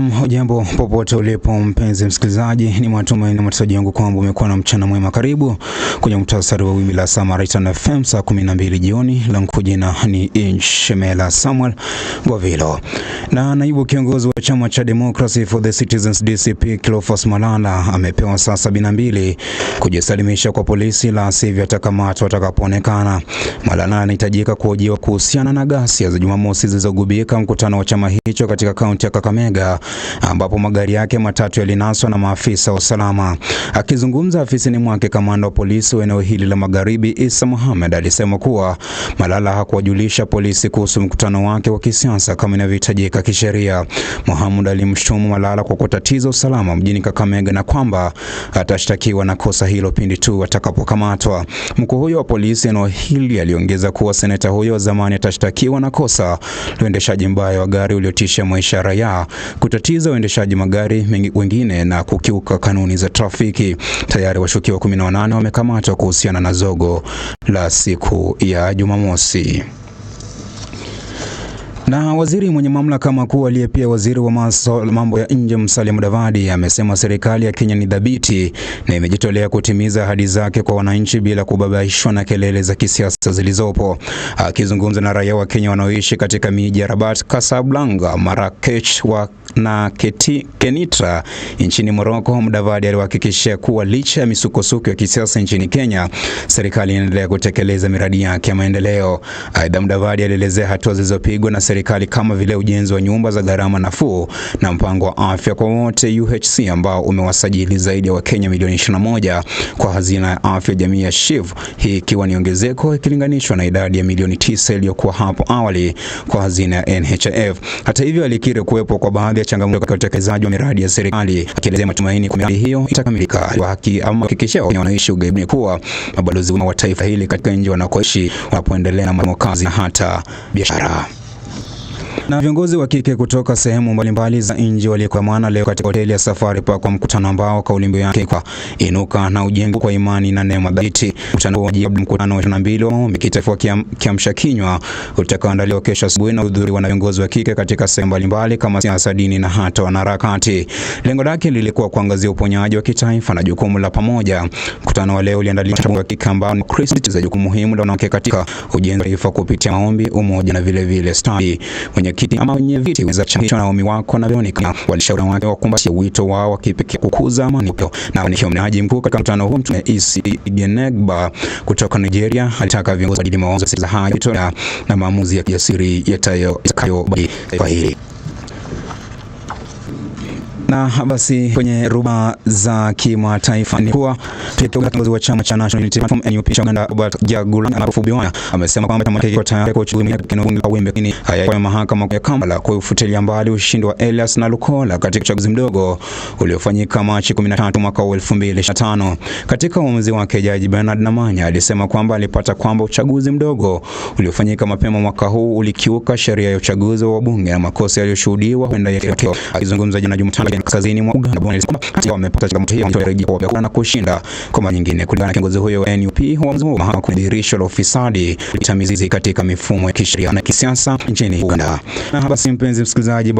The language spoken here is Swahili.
come um, Hujambo popote ulipo mpenzi msikilizaji, ni matumaini na matarajio yangu kwamba umekuwa na mchana mwema. Karibu kwenye mtasari wa wimbi la Samaritan FM saa 12 jioni. Langu jina ni Inshemela Samuel Bovilo. Na naibu kiongozi wa chama cha Democracy for the Citizens DCP Cleophas Malala amepewa saa 72 kujisalimisha kwa polisi, la sivyo atakamatwa atakapoonekana. Malala anahitajika kuhojiwa kuhusiana na ghasia za Jumamosi zilizogubika mkutano wa chama hicho katika kaunti ya Kakamega ambapo magari yake matatu yalinaswa na maafisa wa usalama. Akizungumza afisini mwake, kamanda wa polisi wa eneo hili la Magharibi, Isa Mohamed, alisema kuwa Malala hakuwajulisha polisi kuhusu mkutano wake wa kisiasa kama inavyohitajika kisheria. Mohamed alimshutumu Malala kwa kutatiza usalama mjini Kakamega na kwamba atashtakiwa na kosa hilo pindi tu atakapokamatwa. Mkuu huyo wa polisi eneo hili aliongeza kuwa seneta huyo wa zamani atashtakiwa na kosa la uendeshaji mbaya wa gari uliotisha maisha ya raia, kutatiza kuwatatiza waendeshaji magari wengine na kukiuka kanuni za trafiki. Tayari washukiwa 18 wamekamatwa kuhusiana na zogo la siku ya Jumamosi. Na waziri mwenye mamlaka makuu aliye pia waziri wa masuala mambo ya nje Musalia Mudavadi amesema serikali ya Kenya ni dhabiti na imejitolea kutimiza ahadi zake kwa wananchi bila kubabaishwa na kelele za kisiasa zilizopo. Akizungumza na raia wa Kenya wanaoishi katika miji ya Rabat, Casablanca, Marrakech wa na Keti, Kenitra nchini Morocco, Mudavadi aliwahakikishia kuwa licha ya misukosuko ya kisiasa nchini Kenya, serikali inaendelea kutekeleza miradi yake ya maendeleo. Aidha, Mudavadi alielezea hatua zilizopigwa na serikali kama vile ujenzi wa nyumba za gharama nafuu na mpango wa afya kwa wote UHC ambao umewasajili zaidi ya wa Wakenya milioni 21 kwa hazina ya afya jamii ya SHIF, hii ikiwa ni ongezeko ikilinganishwa na idadi ya milioni 9 iliyokuwa hapo awali kwa hazina ya NHIF. Hata hivyo, alikiri kuwepo kwa baadhi ya changamoto katika utekelezaji wa miradi ya serikali, akielezea matumaini kwa miradi hiyo itakamilika. Aliwahakikishia wanaishi ugaibuni kuwa mabalozi wa taifa hili katika nje wanakoishi wanapoendelea na masomo, kazi na hata biashara. Na viongozi wa kike kutoka sehemu mbalimbali za nchi walikongamana leo katika hoteli ya Safari Park kwa mkutano ambao kauli mbiu yake kwa inuka na ujengo kwa imani na neema dhabiti. Mkutano wa unajibu mkutano wa 22 wa kitaifa kiamsha kinywa utakaoandaliwa kesho asubuhi na kuhudhuriwa na viongozi wa kike katika sehemu mbalimbali kama siasa, dini na hata wanaharakati. Lengo lake lilikuwa kuangazia uponyaji wa kitaifa na jukumu la pamoja. Mkutano wa leo uliandaliwa kwa kika ambao ni Kristo za jukumu muhimu la wanawake katika ujenzi wa taifa kupitia maombi, umoja na vile vile stadi. Mwenye mwenyekiti ama wenye viti weza kuchangishwa na umi wako na Veronica walishauri wake wakumbatie wito wao wa kipekee kukuza amani na ni mnenaji mkuu katika mkutano huo Mtume Isi Igenegba kutoka Nigeria alitaka viongozi wajadili mawazo ya siasa hayo na maamuzi ya kijasiri yatakayobadili taifa hili. Na basi kwenye ruba za kimataifa ni kuwa kiongozi wa chama cha National Unity Platform NUP cha Uganda Robert Kyagulanyi anapofubiwa amesema kwamba chama kwa kiko tayari kuchukua bunge la wimbe kini haya kwa mahakama ya Kampala kufutilia mbali ushindi wa Elias na Lukola katika uchaguzi mdogo uliofanyika Machi 13 mwaka 2025. Katika uamuzi wake, Jaji Bernard Namanya alisema kwamba alipata kwamba uchaguzi mdogo uliofanyika mapema mwaka huu ulikiuka sheria ya uchaguzi wa bunge na makosa yaliyoshuhudiwa. Akizungumza jana Jumatano kaskazini mwa Uganda wamepata changamoto hiyo na kushinda kwa mara nyingine. Kulingana na kiongozi huyo wa NUP, uamuzi huo mahakama ni la ufisadi ulitamizizi katika mifumo ya kisheria na kisiasa nchini Uganda. Na basi mpenzi msikilizaji